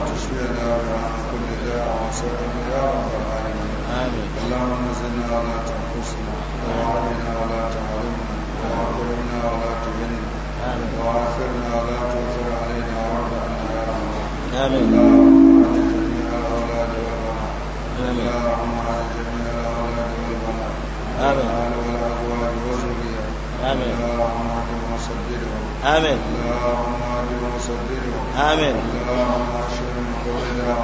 وتشفينا عن كل داء وسلم يا رب العالمين اللهم زدنا ولا تنقصنا وعافنا ولا تحرمنا وأكرمنا ولا تهنا وآخرنا ولا تؤثر علينا وارضنا يا رب آمين اللهم عن جميع الأولاد والبنات اللهم عن جميع الأولاد والبنات آمين والأزواج والذرية آمين اللهم اهدهم وسددهم آمين اللهم اهدهم وسددهم آمين اللهم وإلى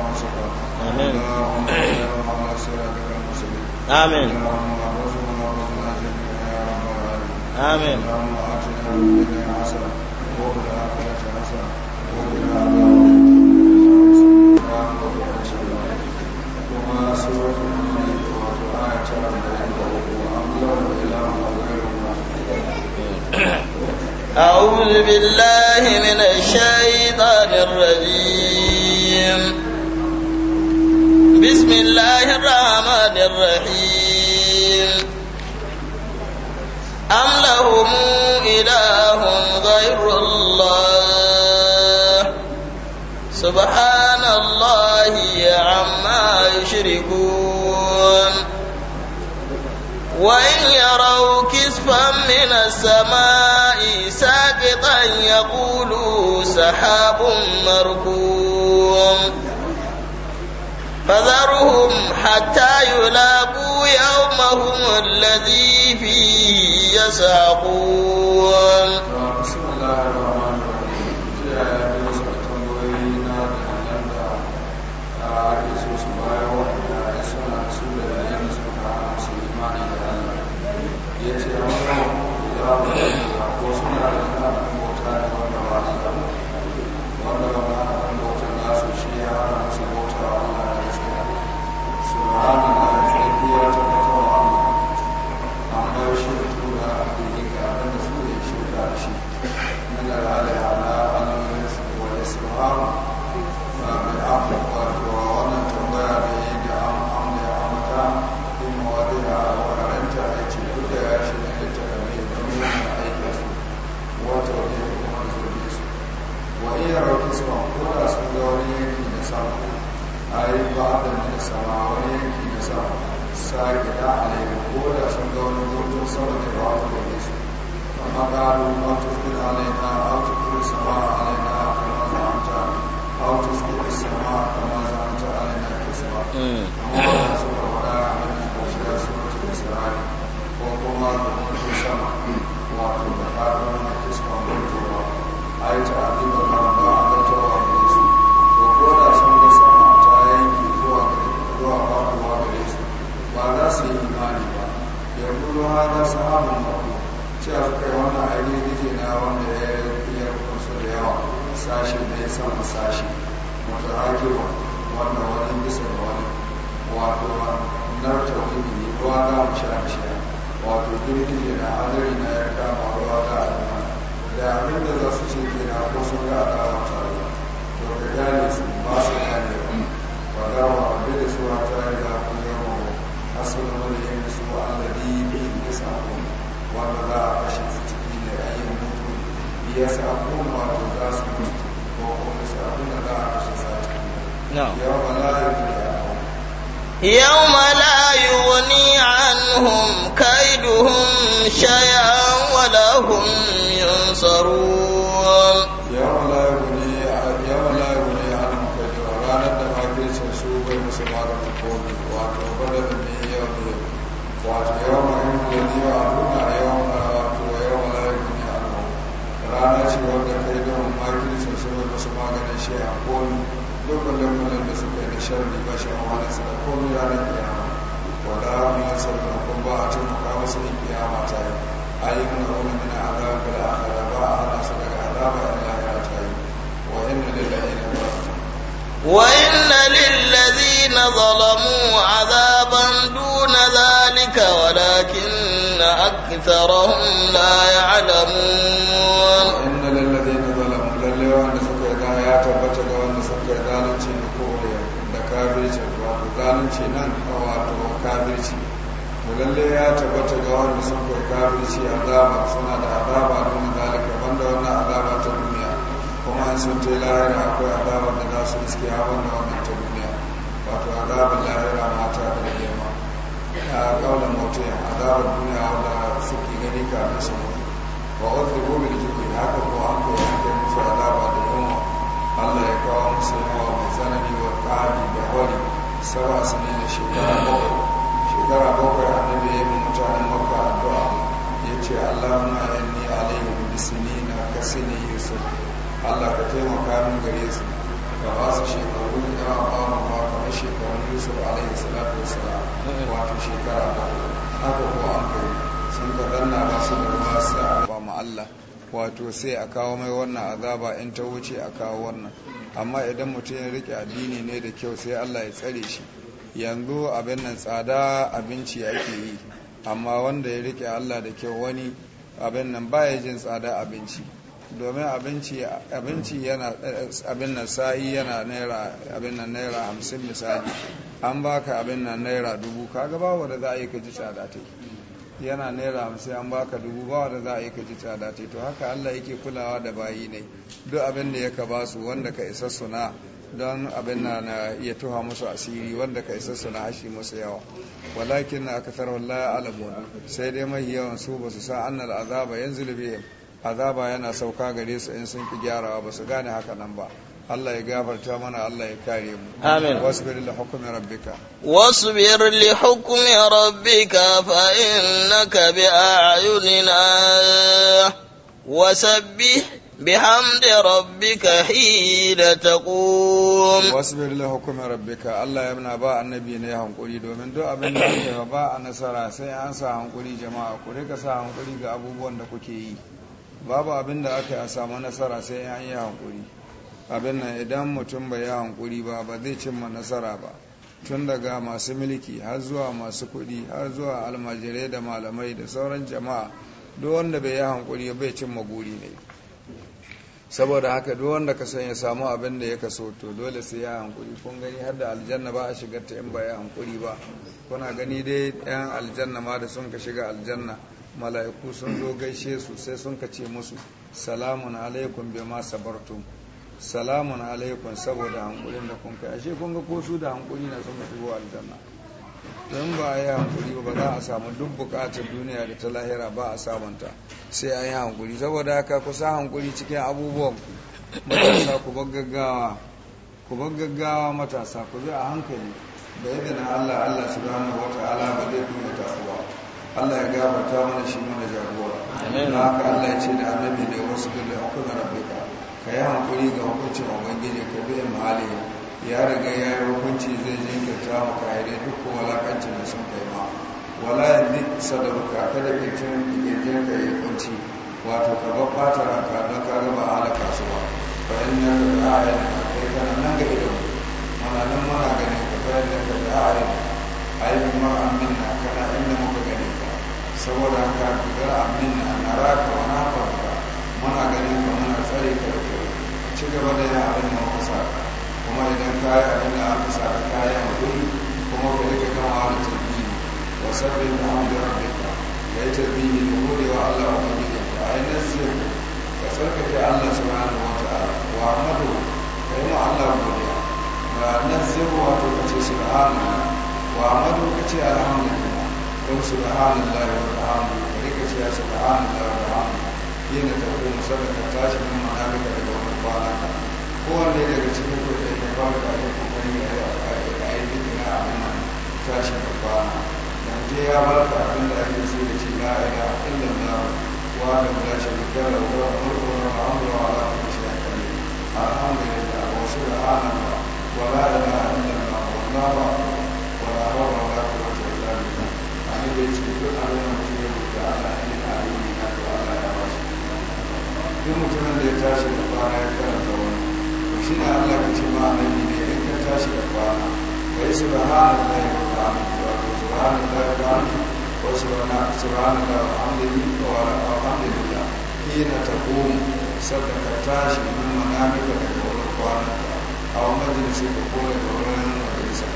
آمين آمين أعوذ بالله من الشيطان الرجيم الرجيم بسم الله الرحمن الرحيم أم لهم إله غير الله سبحان الله عما يشركون وإن يروا كسفا من السماء ساقطا يقولوا سحاب مركوم فذرهم حتى يلاقوا يومهم الذي فيه يساقون بسم الله الرحمن الرحيم y يوم لا يغني عنهم كيدهم شيئا ولا هم ينصرون ranar ce wanda kai maganin a koli Duk wanda da suka yi sharri ba shi amana su da komai ranar kiyama wala mu yi sauran kun ba a taimaka musu in kiyama ta yi ayyukan na wani mina azab bil akhirah ba a hana su daga azaba in lahira ta yi wa inna lillahi na ba wa inna na zalamu azaban duna zalika walakin aktharahum la ya'lamun wa inna lillazina zalamu lalle wanda suka yi ga ya tabbata ga kafirci wato ce nan wato kabirci to lalle ya tabbata ga wanda sun kai kafirci azaba suna da azaba don zalika banda wannan azaba ta duniya kuma an sun ta lahira akwai azaba da za su iske a wannan wannan ta duniya wato azabar lahira mata da girma a mota ya azabar duniya wanda suke gani kafin su mutu wa otu ba jiki haka ko an kai yanke musu azaba da yunwa Allah ya kawo musu yawa mai tsanani wa fahari da hori sawa sanin da shekara bakwai shekara bakwai annabi ya yi mutanen makka addu'a ya ce 'Allah allahumma inni alaihim bisinina ka sini yusuf allah ka taimaka min gare su ka ba su shekaru da yawa ba mu ba kamar shekarun yusuf alaihi salatu wasalam wato shekara bakwai haka ko an kai sun ka danna ba su da ruwa sa ba mu allah wato sai a kawo mai wannan azaba in ta wuce a kawo wannan amma idan mutum ya rike addini ne da kyau sai Allah ya tsare shi yanzu abin nan tsada abinci ake yi amma wanda ya rike Allah da kyau wani abin nan baya jin tsada abinci domin abinci yana abin nan sa'i yana naira abin naira hamsin misali an baka abin nan naira dubu kaga bawa da za a yi ka ji tsada ta yi yana naira hamsin an baka dubu ba wanda za a yi ka ji tsada ce to haka Allah yake kulawa da bayi ne duk abin da yaka ba su wanda ka isa suna don abin na na ya tuha musu asiri wanda ka isa suna hashi musu yawa walakin na aka tarar la alamu sai dai mai yawan su ba su san annal azaba yanzu azaba yana sauka gare su in sun ki gyarawa ba su gane haka nan ba Allah ya gafarta mana Allah ya kare mu amin wasbir li hukmi rabbika wasbir li hukmi rabbika fa innaka bi a'yunina wasabbih بحمد ربك حين تقوم واصبر لحكم ربك الله يمنع با النبي ne hankuri domin duk abin da aka ba a nasara sai an sa hankuri jama'a ku rika sa hankuri ga abubuwan da kuke yi babu abin da aka a samu nasara sai an yi hankuri abin nan idan mutum bai yi hankuri ba ba zai cimma nasara ba tun daga masu mulki har zuwa masu kuɗi har zuwa almajirai da malamai da sauran jama'a duk wanda bai yi hankuri bai cimma guri ne saboda haka duk wanda ka san ya samu abin da ya kaso to dole sai ya hankuri kun gani har da aljanna ba a shigar ta in ba ya hankuri ba kuna gani dai yan aljanna ma da sun ka shiga aljanna mala'iku sun zo gaishe su sai sun ka ce musu salamun alaikum bima sabartum salamun alaikun saboda hankulin da kun kai ashe kun ga ko su da hankuli na sun wa aljanna don ba a yi hankuli ba za a samu duk bukatar duniya da ta lahira ba a samunta sai a yi hankuli saboda haka ku sa hankuli cikin abubuwan ku matasa ku bar gaggawa ku bar gaggawa matasa ku zai a hankali da yadda na Allah Allah wata alama ba zai kuma tasowa Allah ya gafarta mana shi mana jagora na haka Allah ya ce da annabi ne wasu gudun ka yi hankali ga hukuncin ubangiji ka bi mahali ya riga ya yi hukunci zai jinkirta maka yare duk lakancin da sun kai ma wala ya da sadaruka kada kirjin kirjin ka yi kunci wato ka ba fata ranka don ka raba halaka su ba bayan ya ka ga ayan kai kana nan ga ido mana nan muna ganin ka bayan ya ka ga ayan ayin mar'an na. kana inda muka gani ka saboda haka ka ga aminna na raka wani na farka muna ganin ka muna tsare ka da ci gaba da yin abin da kusa kuma idan ka yi abin da aka sa ka kayi hankali kuma ka rike kan wani tarbiyyar wa sabbin da hamdu rabbika ka yi tarbiyyar da godewa Allah wa kabilin ka a yi nasir ka tsarkake Allah subhanahu wa ta'ala wa amadu ka yi ma Allah godiya ga nasir wato ka ce su subhanahu wa amadu ka ce alhamdulillah don subhanallah wa ta'ala ka rike ce subhanallah wa ta'ala yana tafi musabaka tashi min ma'amika daga wani kwana daga cikin kudin ya ba da yin kokari ya yi bikin a amma tashi ka kwana yanzu ya bar ka abin da ake so da ce la ila illa la wa da la sharika la wa mulku wa amru wa la shay'a kale alhamdulillah wa subhanallah da la ilaha illa allah wallahu akbar wa la hawla wa la quwwata illa billah annabi ya ce duk abin da mutum ya rubuta duk mutumin da ya tashi da kwana ya karanta wani shi na Allah ka ce ma annabi ne in ka tashi da kwana ka yi subhanallahi wa bihamdihi wa subhanallahi wa bihamdihi wa subhanallahi wa hamdihi wa alhamdulillah hina taqum sadda ka tashi min manamika daga wurin kwananka a wani majalisi ka kone da wurin majalisa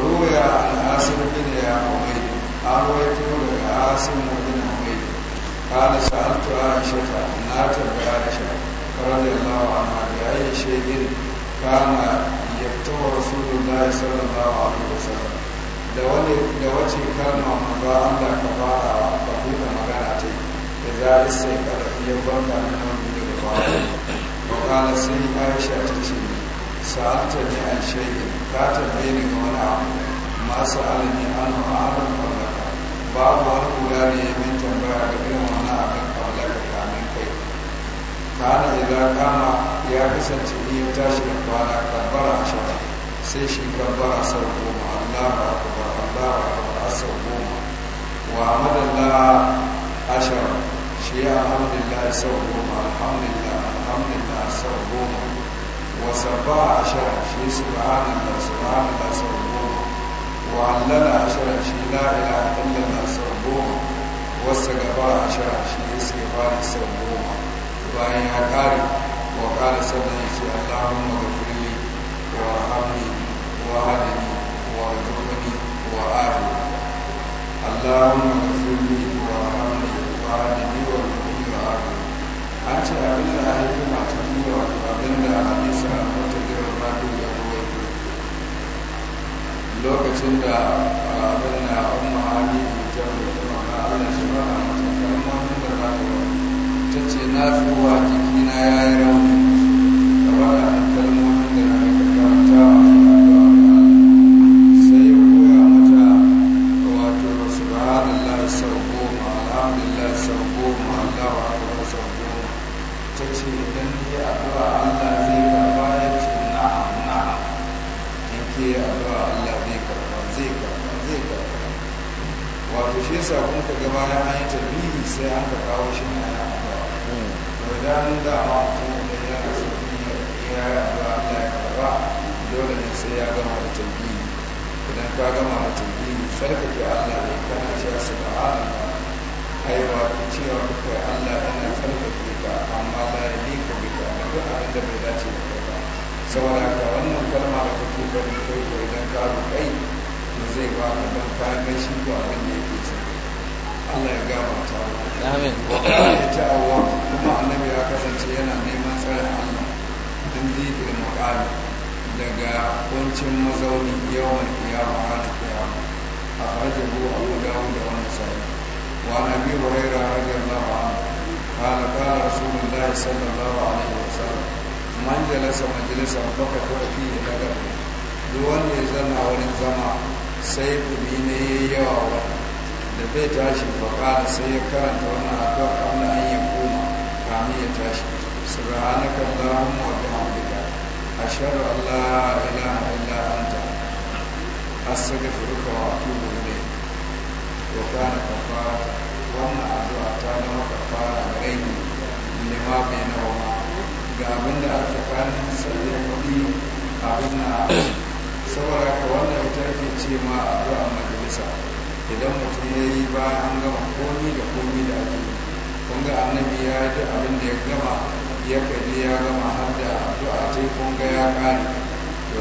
ruya al-asim bin ya umay arwayatu daga asim bin قال سألت عائشة لا تبقى عائشة رضي الله عنها بأي شيء كان يكتب رسول الله صلى الله عليه وسلم da wace kalma manzo Allah ka fara ba ku da magana ce da za a sai kada ya banka da nan da ba ba kana sai Aisha ta ce sa'alta ne an shege ka ga wani abu an ba babu wani ne ba ka girmama a kan kana idan kama ya kasance ni ya tashi da kwana kabbara ashara sai shi kabbara sau goma allahu akbar allahu akbar sau goma wa amadallah ashara shi ya alhamdulillah sau goma alhamdulillah alhamdulillah sau goma wa sabba ashara shi subhanallah subhanallah sau goma wa allala ashara shi a ilaha da sau goma wasu gaba a shara shi ya suke fara sau goma bayan ya kare wa kare sannan ya ce allahun magafirli wa hamni wa hadani wa zurfani wa ari allahun magafirli wa hamni wa hadani wa zurfani wa ari an ce abin da a yi kuma cikin yawa abin da a nisa a wata jiran rado ya ruwaito lokacin da abin na umma hali ya jami'a abin shi ba a mutum karamar mutum ba ta ce na tsuwa jikina ya yi rauni gaba da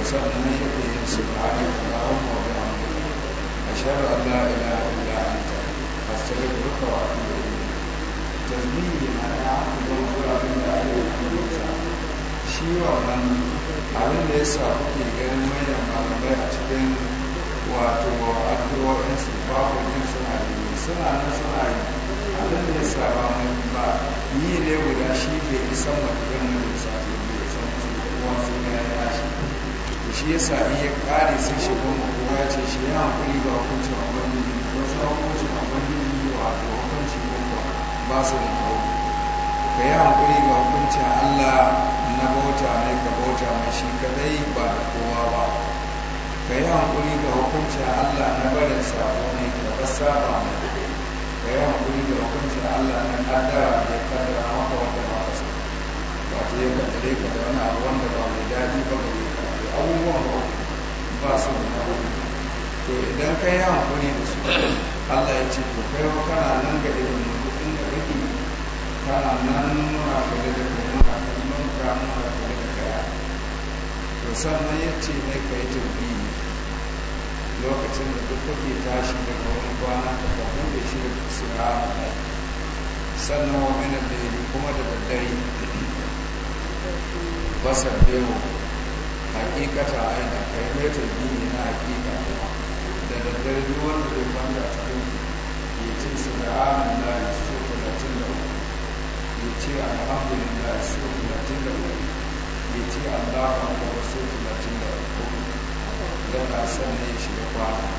وسبحانك سبحانك اللهم وبحمدك أشهد أن لا إله إلا أنت أستغفرك وأتوب إليك tasbihi na ya don gurabin da ake rubuta shi wannan abin da ya sa kuke ganin manyan malamai a cikin wato addu'o'in su babu jin suna yi suna nan suna yi abin da ya sa ba mai ba yi ne guda shi bai isan mutum shi ya sami ya kare sai shi goma kuma ya ce shi ya hankali ba hukuncin ubangiji ne wasu hukuncin ubangiji wato hukuncin goma ba su da kawo ka yi hankali ga hukuncin allah na bauta mai ka bauta mai shi kadai ba da kowa ba ka yi hankali ga hukuncin allah na barin sabo ne ka ba saba mai ka yi hankali ga hukuncin allah na kadara da kadara maka wanda ba ka so wato ya kadare ka da wani abu wanda ba mai daɗi ba mai abubuwan ba su da nauyi to idan ka yi hankali da su Allah ya ce to kai kana nan ga irin mutum da kake kana nan muna da kai muna kare muna muna da kaya to sannan ya ce mai ka yi lokacin da duk kake tashi daga wani kwana ka ka hude shi da kusura sannan wa minar da kuma da daddare basar bewa hakikata aina kai mai tarbi na hakika da daddare duk wanda zai kwanta cikin ya ce subhanallah su talatin da uku ya ce alhamdulillah su talatin da uku ya ce allahu akbar su talatin da uku yana son ne shi da kwana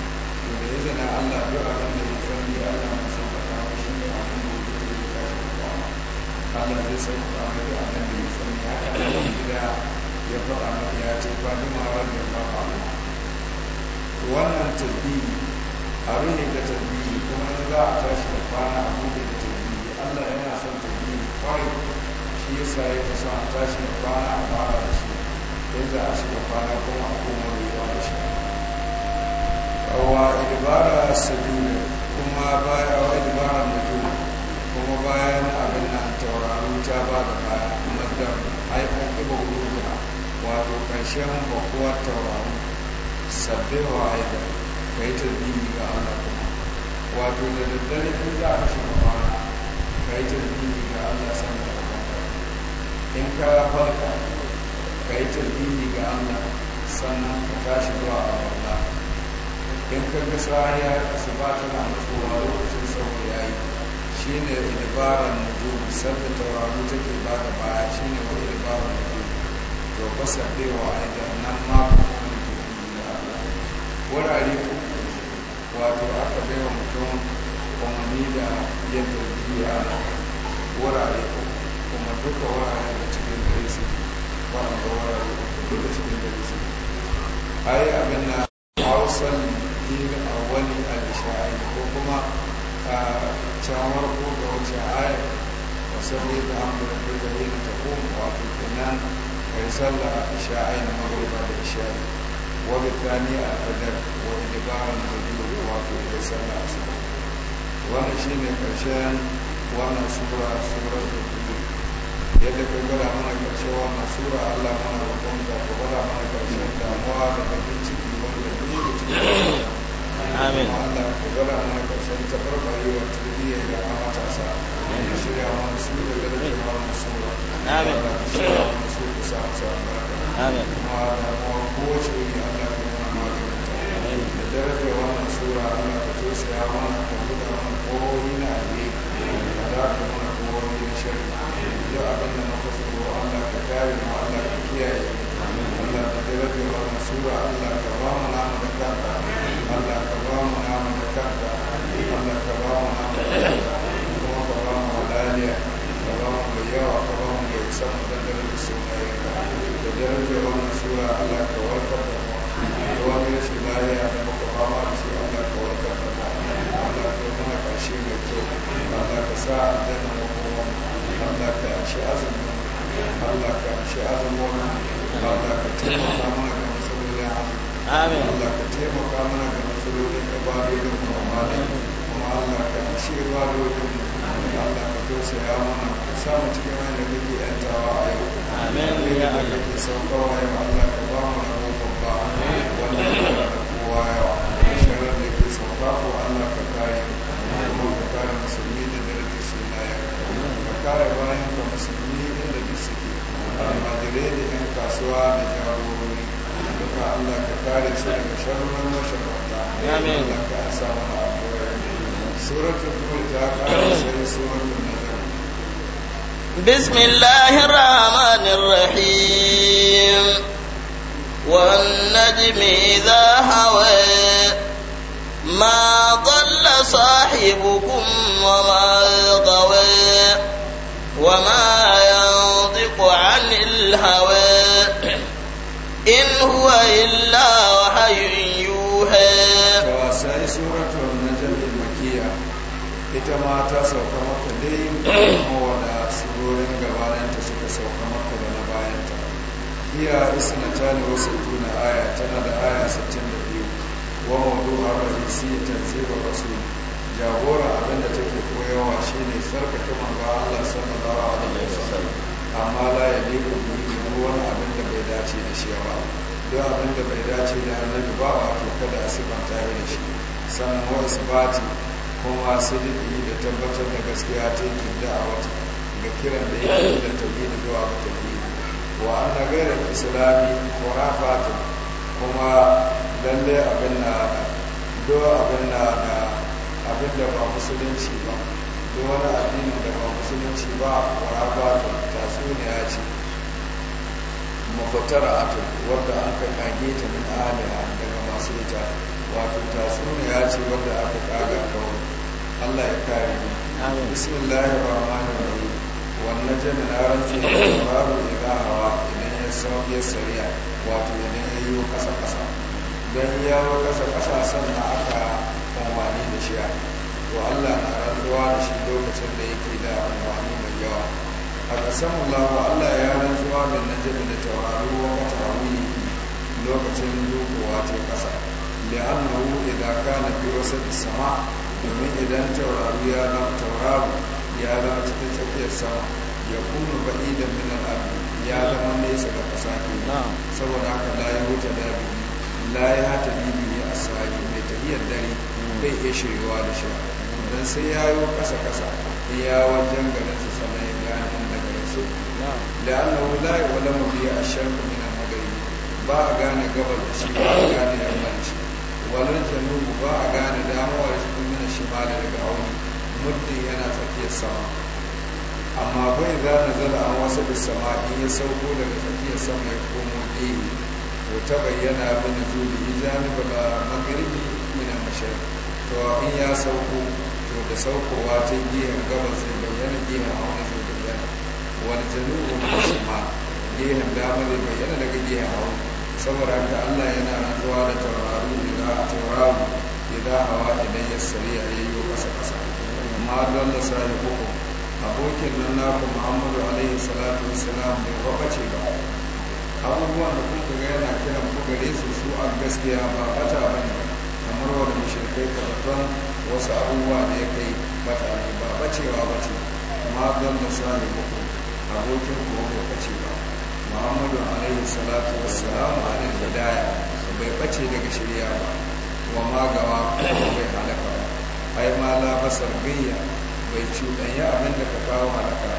to da izinin allah duk abin da ya ne allah na sauƙaƙa shi ne abin da ya ke da kwana allah zai kwana da abin da ya faɗa maka ya ce ba ni ma wani ba ba wannan tabbiyi abu ne ga tabbiyi kuma ne za a tashi da kwana a buɗe da tabbiyi Allah yana son tabbiyi kwarai shi sa ya fi son a tashi da kwana a fara da shi za a shiga kwana kuma a koma ruwa da shi wa ibara sajuna kuma baya wa ibara najuna kuma bayan abin nan tauraron ta ba da baya madar haifar wuri wato ƙarshen bakuwar taurari sabbin wa'ida ka yi tarbini ga Allah kuma wato da daddare in za a shiga kwana ka yi tarbini ga Allah sannan ka kwanta in ka farka ka yi tarbini ga Allah sannan ka tashi zuwa a wanda in ka ga sahiya ka su ba ta na mutuwa lokacin sauro ya yi shi ne idabaran nujum sabbin tauraron take ba da baya shi ne wa dabarar nujum to fasadewa a jannan ma wurare uku wato aka baiwa mutum umarni da yadda biya wurare uku kuma duka wurare da cikin dare su waɗanda wurare da cikin dare su ai abin na hausar dina a wani alishari ko kuma a cawar ko da wace ayar wasu ne da hamdulillah da yin ta kuma wato kenan kai sallah isha'ayin magruba da isha'i wa bi thani al-fajr wa idbaran al-fajr wa wato kai sallah asuba wannan shine karshen wannan sura surar da kuma yadda ka gara mana karshe wannan sura Allah mana roƙon ka ka gara mana karshen damuwa da bakin ciki wanda duk da cikin amin Allah ka gara mana karshen tabarbarewar tarbiyya ga matasa da shirya wannan sura da rage wannan sura amin amin kowace wuri Allah ka nuna magani da daraja wannan sura Allah ka tosaya mana ka buɗa mana kowowi na alheri ka dafa mana kowowi na shari duk abin da muka tsoro Allah ka kare mu Allah ka kiyaye Allah ka daraja wannan sura Allah ka ba mu namu da kanka Allah ka ba mu namu da kanka Allah ka ba mu namu da kanka kuma ka ba mu halaliya ka ba mu mai yawa ka ba san maganganu da sunayen ka da darajar wannan da mu da wani rashin lafiya da muka fama da ka warkar da da Amin da da da samu cikin wanda kake yantawa a yau amin ya Allah kake saukawa yau Allah ka ba mu rabo babba wanda ka da kowa yawa sharar da ke sauka ko Allah ka kare mu ka kare musulmi da daraja sunayen ka kare bayan ka musulmi inda duk suke almajirai da yan kasuwa da jagorori duka Allah ka kare su daga sharrin mashakwata amin Allah ka asa mana abuwa suratul mulk ta kare sai suratul بسم الله الرحمن الرحيم والنجم إذا هوى ما ضل صاحبكم وما غوى وما ينطق عن الهوى إن هو إلا وحي يوحى ita ma ta sauka maka dai kuma mawada surorin gabananta suka sauka maka da na bayanta iya isna ta ne wasu tuna aya tana da aya 62 wa mawadu a rahisi tanzira wasu jagora abinda take koyawa shi ne shine kuma manzo Allah ya alaihi wasallam amma la yi bi wani abin bai dace da shi ba don abin da bai dace da annabi ba wato kada a sifanta da shi sannan ba ce kuma sidiki da tabbatar da gaskiya ta yi da a wata ga kiran da yake da da zuwa ga tauhidi wa an ghayra al-islami khurafatun kuma lalle abin na do abin na abin da ba musulunci ba do wani addinin da ba musulunci ba khurafatun ya ce mafatara'atun wadda an ka kage ta min aliha daga masu ita wato ta ya ce wadda aka kaga kawai Allah ya kare mu bismillahir rahmanir rahim wannan jami na ne babu idza hawa idan ya ya sariya wato idan ya yi kasa kasa dan ya yi kasa kasa sannan aka amfani da shi to Allah na rantsuwa da shi lokacin da yake da amfani mai yawa a kasan Allah Allah ya rantsuwa da najmi da tauraro wa tarawih lokacin dukowa ta ƙasa li'annahu idza kana bi wasat as-sama' domin idan taurari ya zama tauraru ya zama cikin tsakiyar sama ya kuma baɗi da minan abu ya zama nesa da ƙasa ke saboda haka layi wuce dabi layi hata bibi ne a sa'ayi mai tafiyar dare bai iya shirewa da shi don sai ya yi ƙasa ƙasa ya wajen garin su sannan ya gane inda garin su da Allah la layi wa lamu biya a shanku, min magari ba a gane gabar da shi ba a gane yammanci walar janubu ba a gane damawar shi ma da daga auni muddin yana tsakiyar sama amma bai za na zala an wasu da sama in ya sauko daga tsakiyar sama ya komo ɗaya to ta bayyana bin zuli ba da magirbi mina mashar to in ya sauko to da saukowa ta gehen gabas zai bayyana a wani zai bayyana wani wani na shima gehen dama zai bayyana daga a auna saboda haka allah yana rantsuwa da tauraro da tauraro. da hawa idan ya sari a yayyo kasa kasa amma don da sani uku abokin nan naku muhammadu alaihi salatu wasalam bai ce ba abubuwan da kuka ga yana kiran ku gare su su a gaskiya ba bata ba ne kamar wani mushrikai karfan wasu abubuwa da ya kai bata ne ba bacewa bace amma don da sani uku abokin ku bai bace ba muhammadu alaihi salatu wasalam alaihi hidaya bai bace daga shirya ba wa magawa kuma bai halaka ba ai ma la basar bai cuɗanya abin da ka kawo halaka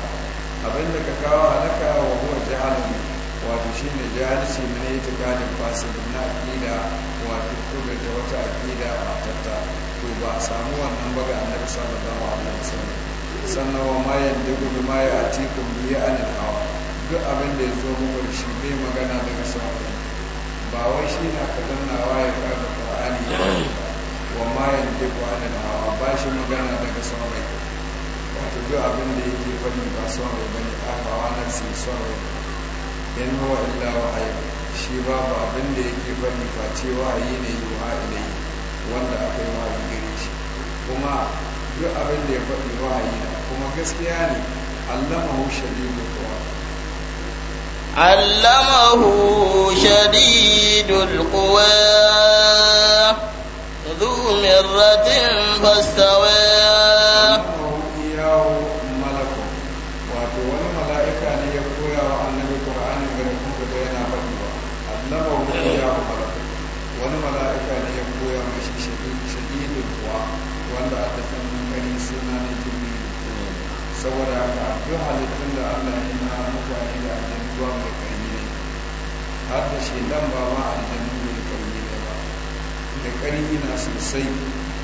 abin da ka kawo halaka wa huwa jahalun Wa shi ne jahalci na yi kanin fasirin na aƙida wato kudin da wata aƙida a to ba samu wannan ba ga annabi sallallahu alaihi wasallam sannan wa ma yaddigu bi ma ya'tikum bi anil hawa duk abin da ya zo muku shi bai magana daga sahabbai ba wai shi na ka dannawa ya kada an wa ma yanzu ko an da hawa ba shi magana daga son rai wato duk abin da yake faɗi ba son rai ba ne ahawa nan sai son rai in huwa illa wahayi shi babu abin da yake faɗi face yi ne yi wa ilai wanda aka yi wahayi gare shi kuma duk abin da ya faɗi yi na kuma gaskiya ne allamahu shadidul quwa allamahu shadidul quwa مرة فاستوى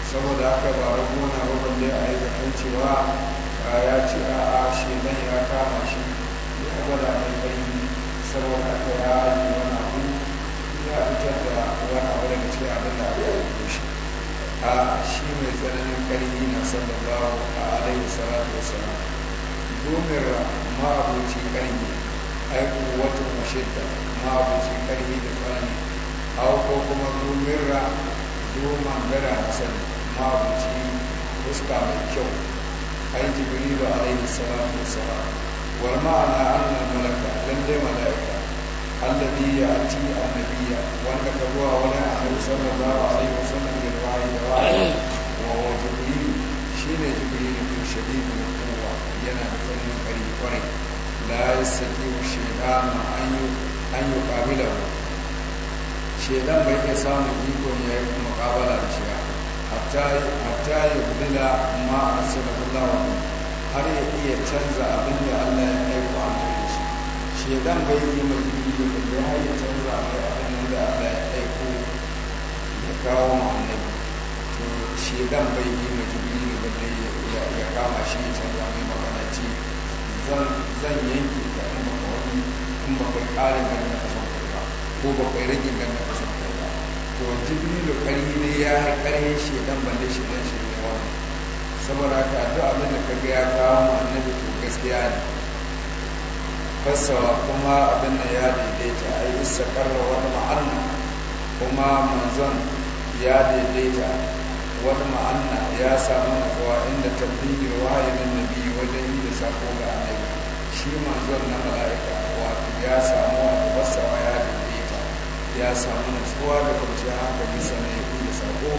saboda haka ba rago gona ba balle a yi zaton cewa ya ce a a shedan ya kama shi ya gwada mai bayi saboda haka ya yi wani abu ya fitar da wani abu daga cikin abin da abu ya yi shi a shi mai tsananin karni na sallallahu a alaihi salatu wasalam domin ma abocin ƙarfi ai wata mashidda ma'abuci karni da tsanani a ko kuma domin ra domin gara asali mabuci fuska mai kyau ai jibrilu alaihi salatu wassalam wal ma'ana annal malaka lalle malaika alladhi ya'ti annabiyya wanda ka zuwa wani annabi sallallahu alaihi wasallam da wahayi da wahayi wa wa jibrilu shine jibrilu to shadidul quwwa yana da tsanin kari kwarai la yasaki wa shaytanu an yu an yuqabila shaytan bai iya samun ikon yayi muqabala da shi hatta ya gudula ma a lawan har ya iya canza abin da allah ya ku a kai shi shedan bai yi mai yi da ya har ya canza mai abin da allah ya ku ya kawo ma annabi to shedan bai yi mai yi da ya kama shi ya canza mai magana ce zan yanke ka in baka kuma in baka ƙarin ganin ka son kai ba ko rage ganin ka son to jibrilu karhi ne ya yi karhin shedan balle shedan shi saboda ka duk abin da kaga ya kawo mu annabi to gaskiya ne fassawa kuma abin nan ya daidaita a yi isa karra wata ma'anna kuma manzon ya daidaita wata ma'anna ya samu nutsuwa inda tabbigin wahayin nabi wajen yi da sako ga annabi shi manzon na mala'ika wato ya samu wato fasawa ya ya samu nutsuwa da kwanciyar hankali sannan ya kuma sako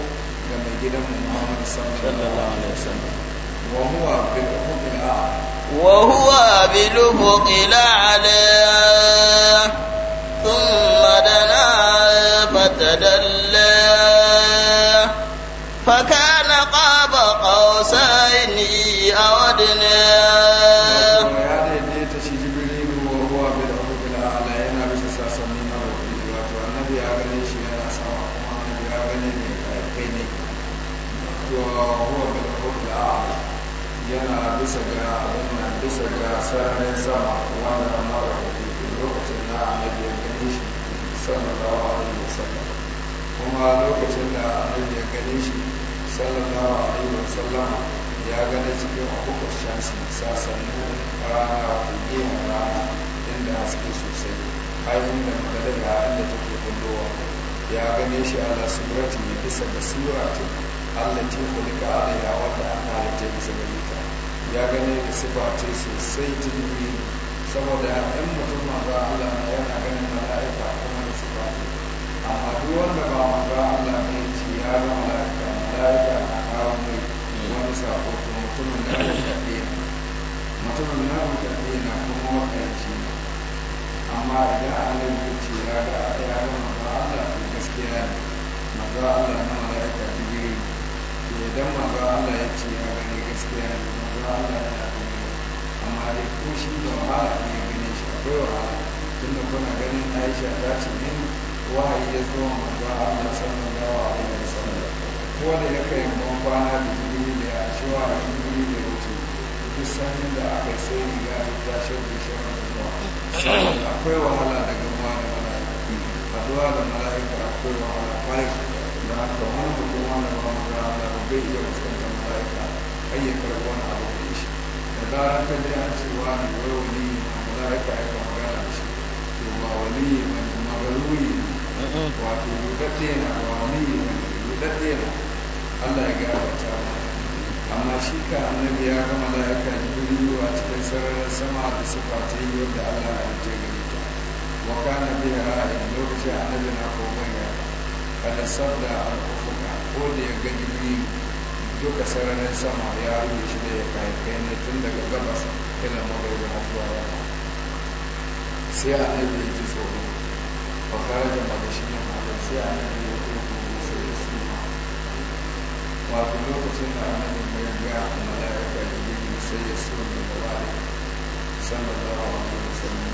ga mai gidan muhammadu sallallahu alaihi wasallam wa huwa bil hukmi a wa huwa bil hukmi la ala thumma dana kuma lokacin da annabi ya gane shi sallallahu alaihi wa sallama ya gane cikin abubuwan shansu sassanin rana kuɗin rana inda haske sosai har da magana da inda take gudowa ya gane shi ala surati ne bisa da surati Allah ce kulika ya wata an halitta bisa da ita ya gane da sifa ce sosai jirgin saboda in mutum ma ba Allah yana ganin mala'ika amma duk wanda ba na mutumin na mutaɗe na na kuma makaici amma idan Allah ya ya ga ya ga manzo Allah gaskiya gaskiya ko shi da wahala ne gane shi akwai wahala tunda kuna ganin Aisha ta ce ne wahayi ya zo wa manzon Allah sallallahu alaihi wasallam ko da ya kai mun kwana da jini ne a cewa a jini da wuce duk sanin da aka sai riga da tashin da shi wannan akwai wahala daga ruwa da mala'ika addu'a da mala'ika akwai wahala kwarai da haka wani mutum wanda ba mu ga Allah ba bai iya fuskantar mala'ika ayyukan wani abu da shi da zarar ka ji an cewa ne wai wani mala'ika ya kamar da shi to ba wani mai magaruri ne wato rudadde na wani ne rudadde na Allah ya gafarta amma shi ka annabi ya ga mala'ika jibrilu a cikin sararin sama da suka ta yi wanda Allah ya ce gare ta wa kana biha ra'ayin lokacin annabi na komai ya kada sabda al-ufuqa ko da ya ga jibrilu duka sararin sama ya rufe shi da ya kai kai ne tun daga gabas ila magaribi har zuwa yamma sai annabi ya ji tsoro ba farajan ba shi ne kuma da ga mala'ika gini ya su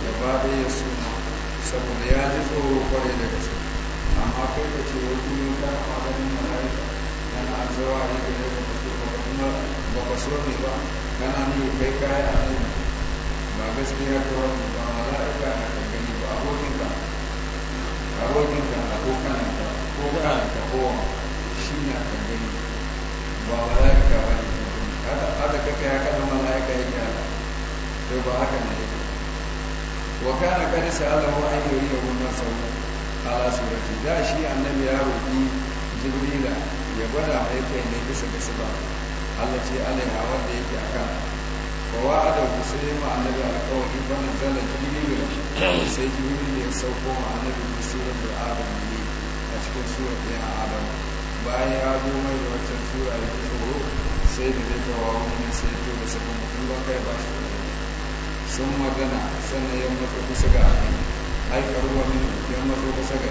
ya saboda ya ji tsoro kwarai akwai gaske amma kai ka ce wani ne da ba kuma ba ba ba gaskiya ka wani ba mala'ika na kan ba abokin ka abokinka ko kananka ko kananka ko shi ne a kan gani ba mala'ika ba ne haka haka kaka ya kada mala'ika ya gyara to ba haka ne yake wa kana kada sa'alahu an yuri da wannan sauri ala surati da shi annabi ya roki jibrila ya gwada mai kai ne bisa ga sifa Allah ce alaiha wanda yake akan fa wa'ada sai ma annabi alƙawari fa nazala jibril sai jibril ya sauko ma annabi surar da adam ne a cikin surar ɗin adam bayan ya zo mai da wancan sura ya tsoro sai sai tura kai ba sun magana sannan ya mafi kusa ga annabi ai karuwa min ya mafi kusa ga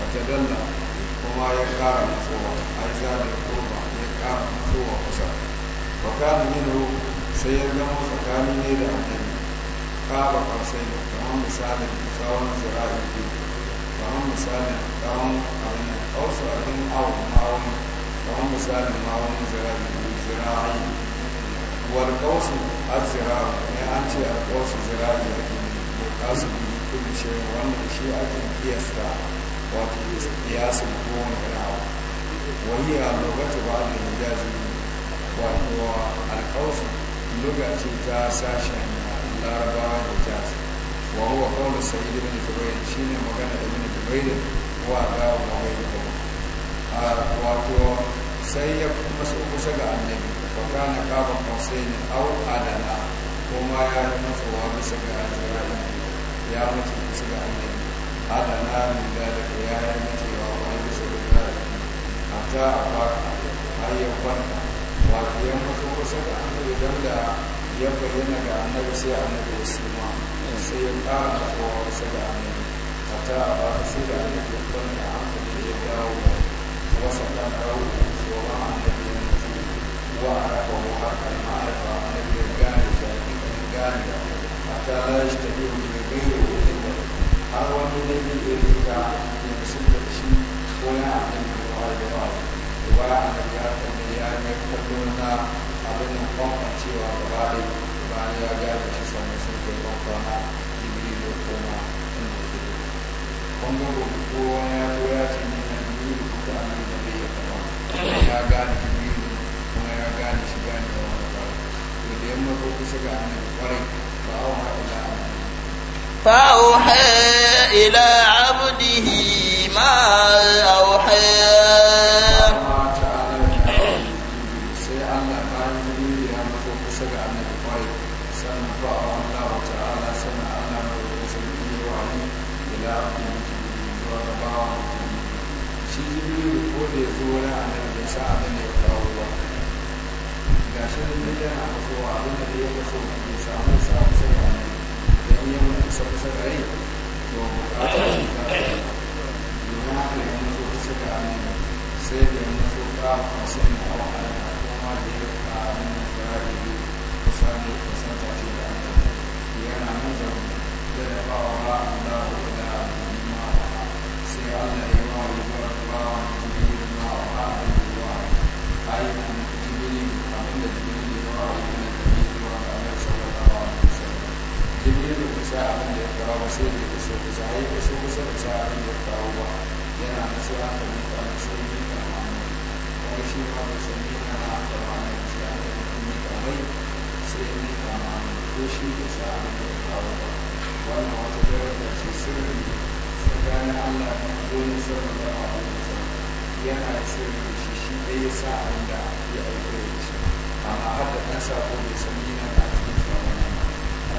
wata dalla kuma ya kara matsowa ai za da ya kara matsowa kusa wa kana minhu sai ya zama tsakani ne da annabi kaba kwasai da kamar misalin tsawon zira'i ne kamar misalin tsawon abin nan kawsa abin awon mawon kamar misalin mawon zira'i zira'i wal kawsu azzira'i ne an ce a kawsu zira'i ya ke ne kasu ne kuma shi wannan shi ake kiyasta wato kiyasin kowane irin abu wani a lokacin ba da hijazi wato alkawsu luga ta sashen larabawa da jaz wa huwa qawlu sa'id ibn shine magana ibn jubair wa ga wa a wato sai ya kuma kusa ga annabi wa kana aw adana kuma ya bisa ga ya mutu ga annabi adana min ya yi bisa ga hatta a kwanta wato yan maso kusa da annabi don da ya bayyana ga annabi sai annabi ya suma sai ya ƙara matsowa kusa da annabi a ta ba sai da annabi ya kwanta a hankali ya dawo wasa ta dawo wa ma annabi ya mutu wa a raba wa hakan ma'arafa annabi ya gane da hakikan gane da a ta lashi ta biyu ne gairo da har wani ne ya rika ya musulunta shi ko ya annabi ya ba da ba ba ya kalli ya ga kallo na abin da kwamfa cewa gaba da bayan ya ga da ci sami sun kai kwamfa na jibiri da koma inda ke da kwamfa rubutu wani ya zo ya ce ne na jibiri da kuka an da bai ya kama ya gane jibiri kuma ya gane shi gane da wani ba to da yamma ko kusa ga annabi kwarai ba a wa haɗa fa'auha ila ko abin da ya kaso ya samu samu sarari don yi wani samu sarari to a cikin kare domin haka ya mazo ta saka amin sai da ya mazo ka masu yin hawa alaƙa kuma da ya ka amin da farari ta sami kusanta ce da amin yana nazar da ya bawa ba a da da abin ma sai allah ya ba wa zuwa da ba wa jirgin ma wa ba da ruwa ayyukan jirgin abin da jirgin ya ba wa zai kusa abin da ya kawo sai da kusa kusa har ya kusa kusa kusa abin da ya kawo ba yana na sai aka yi ta sai yi ta hannu kuma shi ma da sun yi na aka ba na shi aka yi ta mai sai yi ta hannu ko shi kusa abin da ya kawo ba wannan wata daraja ce sirri tsakanin Allah da dole sirri da abin da yana da sirri shi shi ɗaya sa'an da ya aiko da shi amma har da ɗan sako mai sanyi na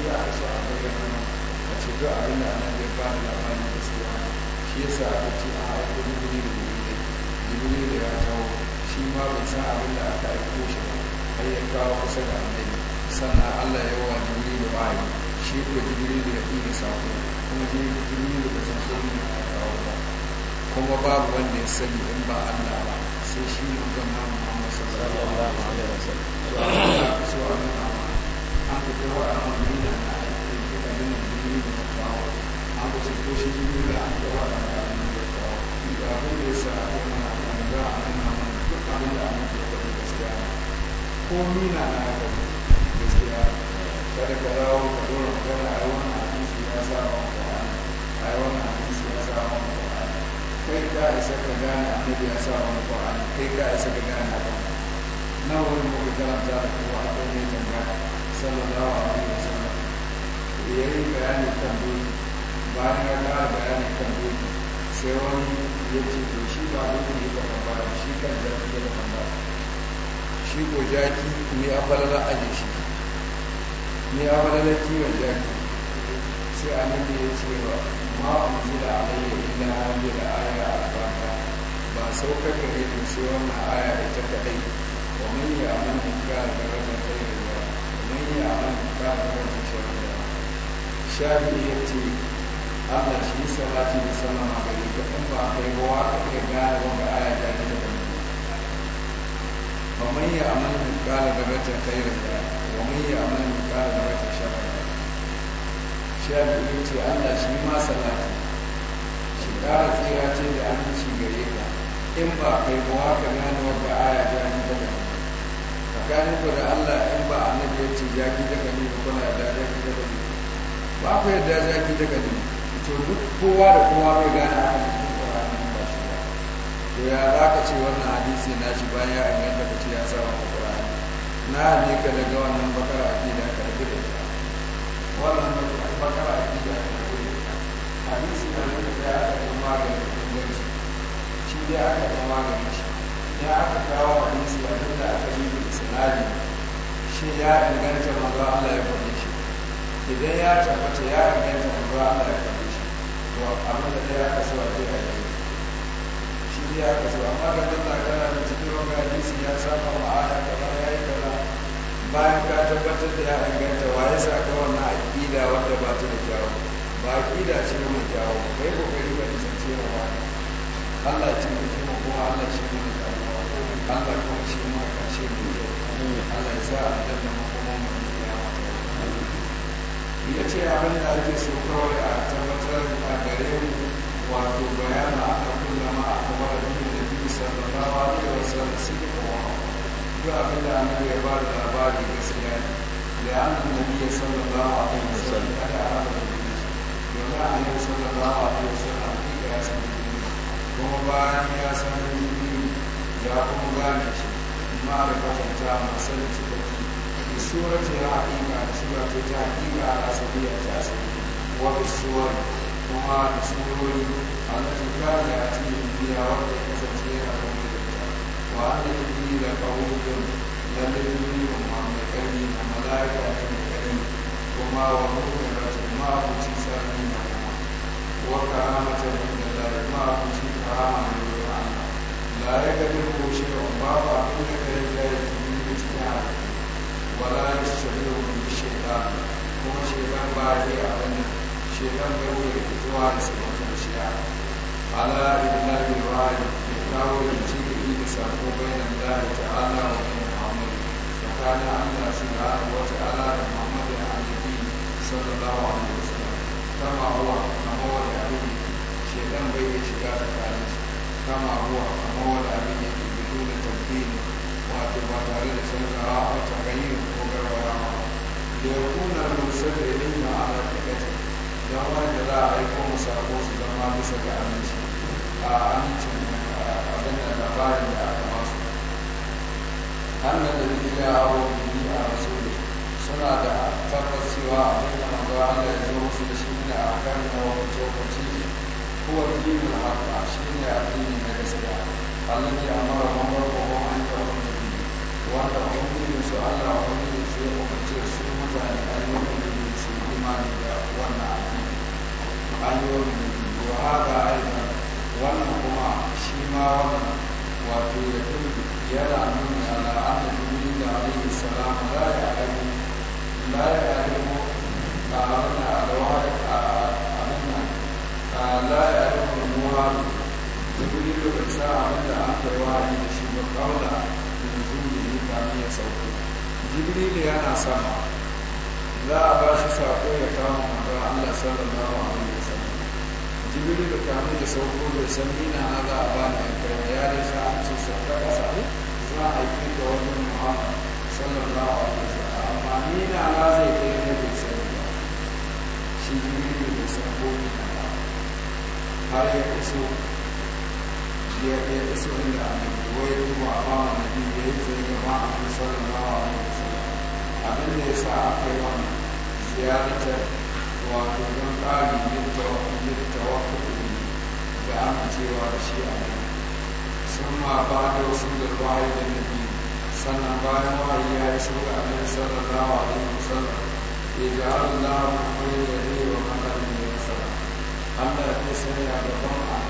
shi a so a bayyana a ce duk abin da ana ba da labarin gaskiya shi yasa aka ce a da da ya kawo shi ma bai san abin da aka aiko shi ba har ya kawo kusa da annabi sannan allah ya wa dubuli da wahayi shi ko dubuli da ya ɗiga sako kuma da ba san kawo ba kuma babu wanda ya sani in ba allah ba sai shi ne mutum na muhammad komi na na haka ka a yi a yi wannan hadisi ya sa wa Qur'ani kai ka isa ka gane annabi ya sa wa Qur'ani kai da kowa akwai ne tambaya sallallahu alaihi wasallam ya yi bayani kan doki bayan ya kan sai wani shi ba ba shi ko jaki ne a falala aje shi ne a falala kiwon jaki sai annabi ya ce wa ma unzila alayya illa hadhihi da aya a fatiha ba saukar gare ni sai wannan aya ita kadai wa ya ya'mal bi ka da rajul khairin ne a wani shafi ya ce allah shi salati da sallama gari ka in ba kai ba wa ka gane wanda aya ta da a man da rata kai da yi a da rata shafiya shafi ya ce allah shi ma salati shi kara tsira ce da aminci gare ka in ba kai ba wa ka gane wanda aya ta ji da kuma tsakanin ku da Allah in ba annabi ya ce zaki ta ko na da zaki ta kani ba ku yadda zaki ta kani to duk kowa da kowa bai gane haka cikin Qur'ani ba shi ba to ya za ka ce wannan hadisi na shi bayan ya inganta ka ce ya saba wa Qur'ani na ne ka daga wannan bakara akida ka da gudu wannan bakara akida ka da gudu hadisi na ne da ya ka maganin inganci shi ya aka yi maganin shi ya aka kawo hadisi abinda aka yi misali shi ya inganta manzo Allah ya faɗe shi idan ya tabbata ya inganta manzo Allah ya faɗe shi to abin da ya kasu a ke ai shi ya kasu amma da dinga kana da cikin wanga hadisi ya saba ma'ana kamar ya yi kaza bayan ka tabbatar da ya inganta wa ya sa ka wannan aƙida wanda ba ta da kyawu ba aƙida ce mai kyawu kai kokari ka ce ma ba Allah ya taimake mu kuma Allah shi ne Allah kuma shi ma ka ce Allah ya ce abin da ake so kawai a tabbatar a gare wato bayana aka kulla aka bada biyu da biyu sallallahu alaihi wa sallam su ke duk abin da annabi ya ba da labari gaskiya ne da an annabi ya sallallahu alaihi wa kada ya raba da biyu domin annabi sallallahu alaihi wa sallam hakika ya san biyu kuma bayan ya san biyu ya kuma gane shi ma'arifatan ta masana cikakki da surati ya haƙiƙa da surati ta haƙiƙa a asabiya ta asabi wani bi suwar kuma da surori a nan ta da a cikin biya wanda ya kasance yana da mai da wa an da biyu da ƙauyukan lalle biyu ma mai ƙarni na malaka ne mai ƙarni kuma wa mutum rajin ma abuci sa'ani na kuma wa karamatan da lalima ma karama mai la ya ga duk ko shi ba ba ba abin da kare da ya yi ya da sallallahu alaihi wasallam kama huwa kama wanda abin shaytan bai shiga tsakanin su kama huwa kuma wani abin da ke fito da tabbini wato ba tare da canzawa a tagayyar ko garwaya ba da kuna rusar da ilimin ma'ana da kace don wanda za a aiko mu sako su zama bisa ga aminci a amincin abin da labarin da aka masu annan da biyu a suna da tabbacewa abin da manzo da shi a kan na wani lokaci addini التي أمرهم ربه أن تؤمن به وأن أمين سؤال أمين في أمتي السنة أن يؤمن به في إيمان والنعم أن يؤمن به وهذا أيضا وأنهما شيما وأن وفي يدل يرى من على أن جبريل عليه السلام لا يعلم لا يعلم أن أدوار لا يعلم الموارد na abin da an kai wahayi da shi ba kawla nuzuli kamin ya sauko jibrilu yana sama za a ba shi sako ya kama manzo Allah sallallahu alaihi wasallam jibrilu kamin ya sauko bai san mina na za a ba ni an kai ya dai sa an ce sun ka kasa za a yi da wani muhammad sallallahu alaihi wasallam amma ni na zai kai ne bai sani ba shi jibrilu bai san ko mina har ya iso ya ya sun da wai kuma a ba nabi ya yi zai gaba a abin da ya sa aka wato shi a nan sun da da sannan ya yi ga annabi sallallahu alaihi wasallam ya da rewa da ya ya sanya a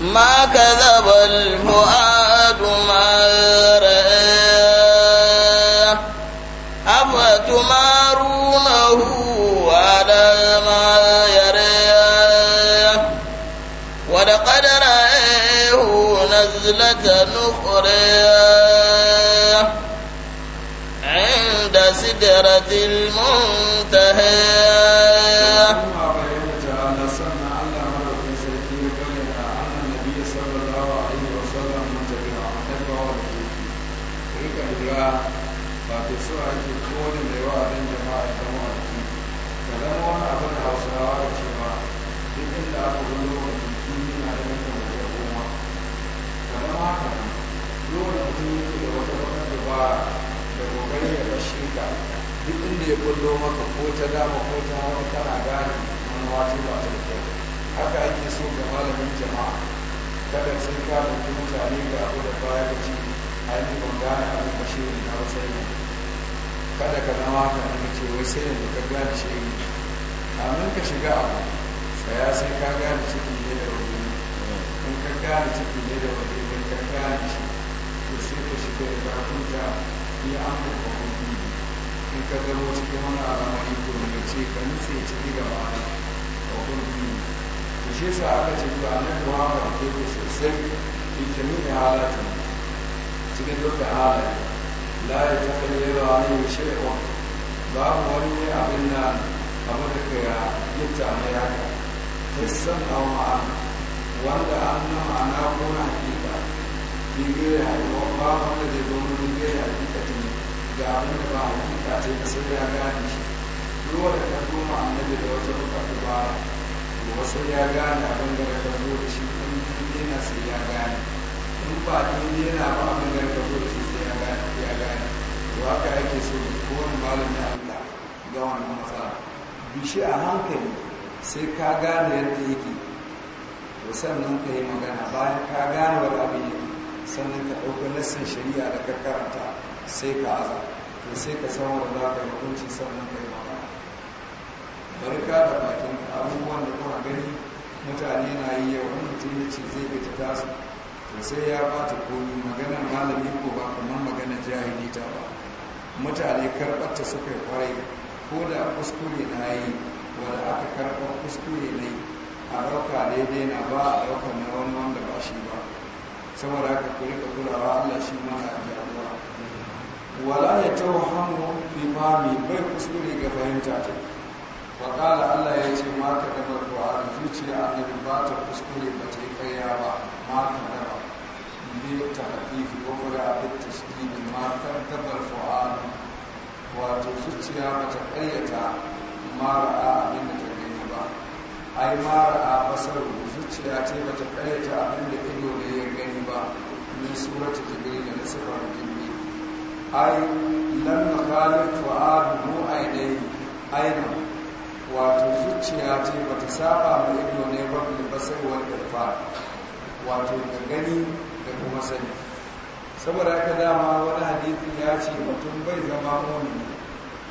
ما كذب الفؤاد ما رآه أفتمارونه على ما يرى ولقد رأيه نزلة أخرى عند سدرة المنتهى ba da gogon ya bashe ka duk inda ya kullo maka ko ta dama ko ta hawa tana gane manuwa wato ba ta kyau haka ake so ga malamin jama'a kada sai ka ɗauki mutane ga abu da baya ka ce ainihin ban gane abin shi ne na wasu yi kada ka zama haka ne ka ce wai sai yanzu ka gane shi ne kamin ka shiga abu saya sai ka gane ciki ne da waje in ka gane ciki ne da waje in ka gane shi da suke da karfinta ya amurka hudu in ka zama cikin wani alamari ko mai ce ka nutse ciki da ma'ana ka hudu da sa aka ce a nan ruwa ba ke da sosai ikini ne halatin cikin dukkan halaye la ya ta kalle ba ne ya babu wani abin nan abin da ta mai haka hissan a ma'ana wanda an na ma'ana ko na bibiyar haihuwa ba wanda zai zo mun bibiyar hakikatin ba ya gane shi duk wanda ka koma annabi da wata ruka ba to ya gane a da ka zo shi kun sai ya gane in ba bibiyar ba abin ka shi sai ya gane ake so kowane malami Allah a hankali sai ka gane yadda yake to sannan ka yi magana bayan ka gane wani abin yake sannan ka ɗauka nassin shari'a da ka sai ka aza to sai ka san wanda za ka yi hukunci sannan ka yi magana bari ka da bakin abubuwan da kuma gani mutane na yi yau wani mutum ya ce zai gaji tasu to sai ya ba ta komi maganar malami ko ba kamar magana jahili ta ba mutane karɓarta suka yi kwarai ko da kuskure na yi wanda aka karɓar kuskure ne a ɗauka daidai na ba a ɗaukar na wani wanda ba shi ba saboda haka ku rika kulawa Allah shi ma na abuwa wala ya hannu limami bai kuskure ga fahimta ta wa Allah ya ce ma ka dabar qur'an zuciya annabi ba ta kuskure ba ta kaiya ba ma ka dabar bi tahdid wa qura bi tasdid ma ka dabar qur'an wato zuciya ba ta kayyata mara abin da ta gani ba ai mara a basar zuciya ce ba ta abin da ido da ya gani ba ne surata jibril na sifar jibril ai lam nakhalif fu'adu mu aina wato zuciya ce ba ta saba ma ido ne ba ba sai wal irfa wato da gani da kuma sani saboda haka dama wani hadisi ya ce mutum bai zama mu'min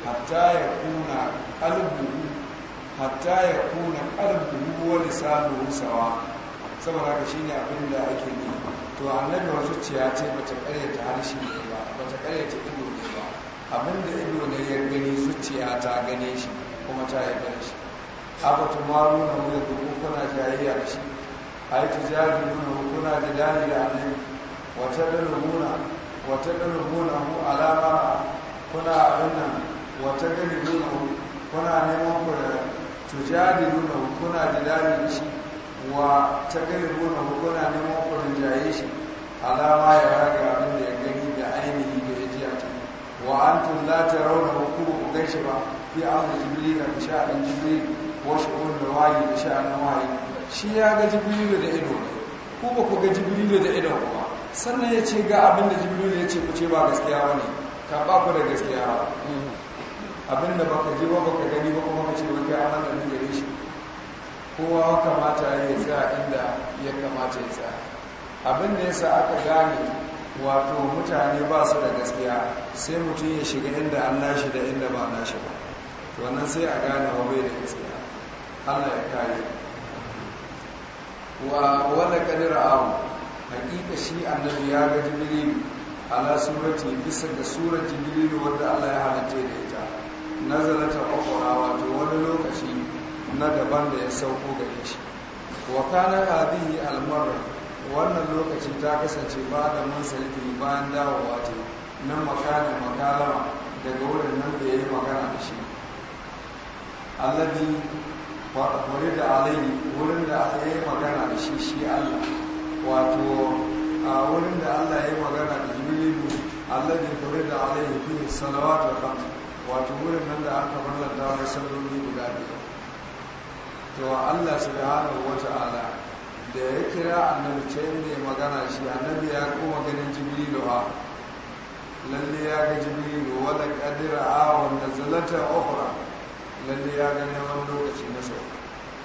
hatta ya kuna kalbu hatta ya kuna ƙarfi wani samun rusawa saboda haka shi ne abin da ake ne to annabi wa zuciya ce bata ƙaryata harshe ne ba bata ƙaryata ido ne ba abin da ido ne ya gani zuciya ta gane shi kuma ta yi da shi abu tumaru mu wani dubu kuna jayayya da shi a yi tijari nuna kuna da dani da annabi wata ɗalibuna wata ɗalibuna mu alama kuna abin nan wata nuna mu. kuna neman ku da tujadiluna kuna jidali shi wa tagribuna kuna neman ku rinjaye shi alama ya raga abin da ya gani da ainihi da ya a ta wa antum la ta rauna ku ku gaishe ba fi amri jibril da sha'an jibiri wasu shu'un da wayi da sha'an wayi shi ya ga Jibiri da ido ku ba ku ga Jibiri da ido ba sannan ya ce ga abin da jibiri ya ce ku ce ba gaskiya ba ne. ka ba ku da gaskiya ba mm-hmm. abinda baka ji ba baka gani ba kuma kace wani ya hankali gare shi kowa kamata ya tsaya inda ya kamata ya tsaya abinda yasa aka gane wato mutane ba su da gaskiya sai mutum ya shiga inda Allah shi da inda ba nashi ba wannan sai a gane wa bai da gaskiya Allah ya kare wa wanda kadira ahu hakika shi annabi ya ga jibril ala surati bisa ga surar jibril wanda Allah ya halatta da nazarata ukura wato wani lokaci na daban da ya sauko gare shi wa kana hadhihi almarra wannan lokaci ta kasance ba da mun salifin bayan dawowa ce nan makana makala daga wurin nan da ya yi magana da shi alladhi wuri da alayhi wurin da aka yi magana da shi shi Allah wato a wurin da Allah ya yi magana da jibrilu alladhi wuri da alayhi fi salawatu wa khams wato wurin nan da aka mallanta wani salloli guda biyu. to Allah subhanahu wata'ala da ya kira annabi ce ne magana shi annabi ya koma ganin jibrilu ha lalle ya ga jibrilu wala qadira awa nazalata ukhra lalle ya ga ne wani lokaci na sau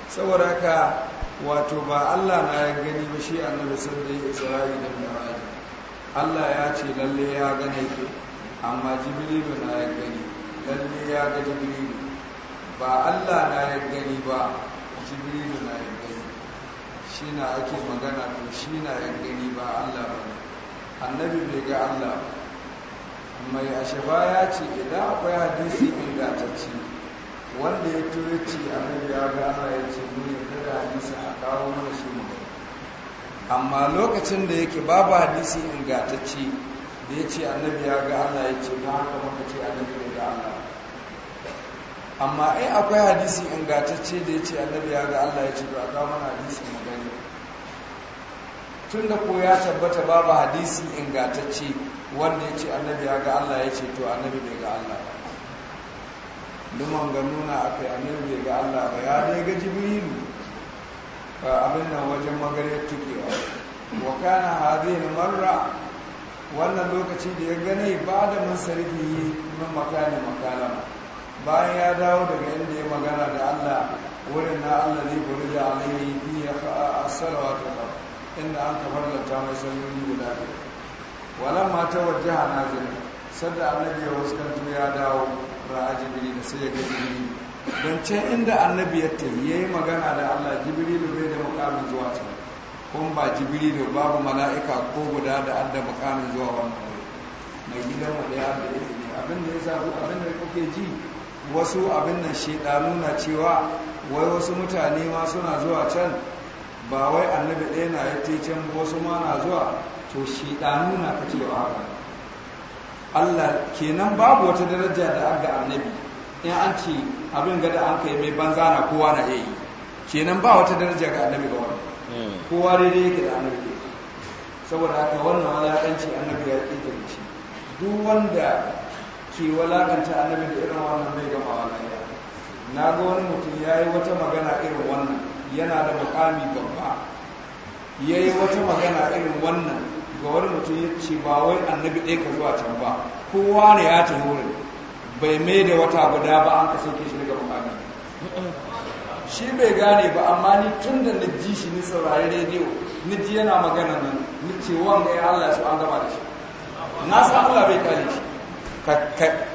saboda haka wato ba Allah na ya gani ba shi annabi sallallahu alaihi wasallam da Mi'raj Allah ya ce lalle ya gane ki amma jibrilu na ya gani lalle ya ga jibrilu ba Allah na ya gani ba jibrilu na ya gani shi na ake magana to shi na ya gani ba Allah ba annabi bai ga Allah mai ashaba ya ce idan akwai hadisi ingantacce wanda ya turi ya ce annabi ya ga Allah ya ce mu ya ga hadisi a kawo mana shi mu amma lokacin da yake babu hadisi ingantacce da ya ce annabi ya ga Allah ya ce ba haka maka ce annabi Allah amma in akwai hadisi ingantacce da ya ce annabi ya ga Allah ya ce ba ga mana hadisi magani tun da ko ya tabbata babu hadisi ingantacce wanda ya ce annabi ya ga Allah ya ce to annabi bai ga Allah duman ga nuna akai annabi bai ga Allah ba ya dai ga jibrilu abin nan wajen magariyar tukewa wa kana hadhihi marra wannan lokacin da ya gane ba da masarifi yi min makani makana bayan ya dawo daga inda ya magana da Allah wurin na Allah ne bari da alayhi bi ya fa'a as-salawat ta ba inda an kafar ta mai salloli guda biyu walan ma ta wajjaha nazir sadda annabi ya waskanto ya dawo ra'a jibiri da sai ya ga jibiri don inda annabi ya tayi magana da Allah jibiri bai da mukamin zuwa can kun ba jibrilu babu mala'ika ko guda da adda makamin zuwa wannan wuri mai gidan ɗaya da da ne. abin da ya sabu abin da kuke ji wasu abin nan shedanu na cewa wai wasu mutane ma suna zuwa can ba wai annabi ɗaya na ya ce can wasu ma na zuwa to shedanu na kake wa haka Allah kenan babu wata daraja da an ga annabi in an ce abin gada an kai mai banza na kowa na iya yi kenan ba wata daraja ga annabi ba wani kowa daidai yake da annabi saboda haka wannan walakanci annabi ya ke da shi duk wanda ke walakanta annabi da irin wannan bai gama walaya na ga wani mutum ya yi wata magana irin wannan yana da mukami babba ya yi wata magana irin wannan ga wani mutum ya ce ba wai annabi ɗaya ka zuwa can ba kowa ne ya ta wurin bai mai da wata guda ba an ka sauke shi daga mukami shi bai gane ba amma ni tun da na ji shi ni saurari rediyo ni ji yana magana nan ni ce wanga ya Allah su an gama da shi na san Allah bai kare shi